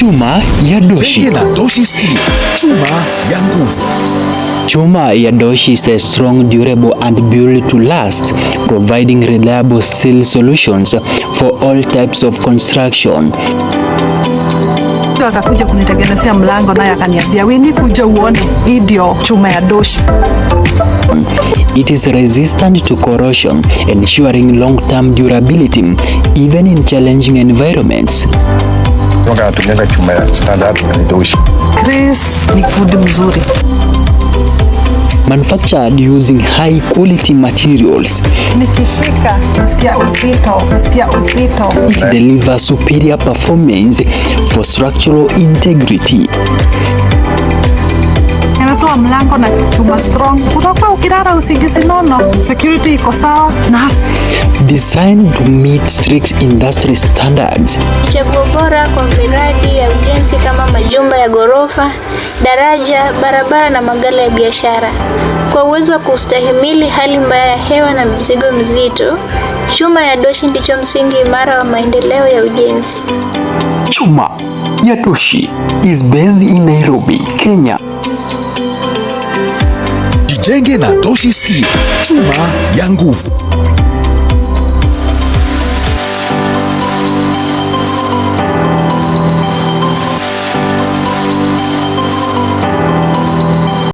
Chuma ya Doshi na Doshi Steel, chuma ya nguvu. Chuma ya Doshi is a strong, durable and built to last, providing reliable steel solutions for all types of construction. Akakuja kunitengenezea mlango naye akaniambia, Wini, kuja uone, idio chuma ya Doshi. It is resistant to corrosion, ensuring long-term durability even in challenging environments. Nakumbuka anatumiaga chuma ya standard na nitoshi. Chris ni fundi mzuri. Manufactured using high quality materials. Nikishika nasikia uzito, nasikia uzito. It delivers superior performance for structural integrity wa mlango na chuma strong, utakuwa ukirara usingizi nono. Security iko sawa na designed to meet strict industry standards. Chaguo bora kwa miradi ya ujenzi kama majumba ya ghorofa, daraja, barabara na magala ya biashara. Kwa uwezo wa kustahimili hali mbaya ya hewa na mzigo mzito, chuma ya doshi ndicho msingi imara wa maendeleo ya ujenzi. Chuma ya doshi is based in Nairobi, Kenya. Jijenge na Toshi Steel, chuma ya nguvu.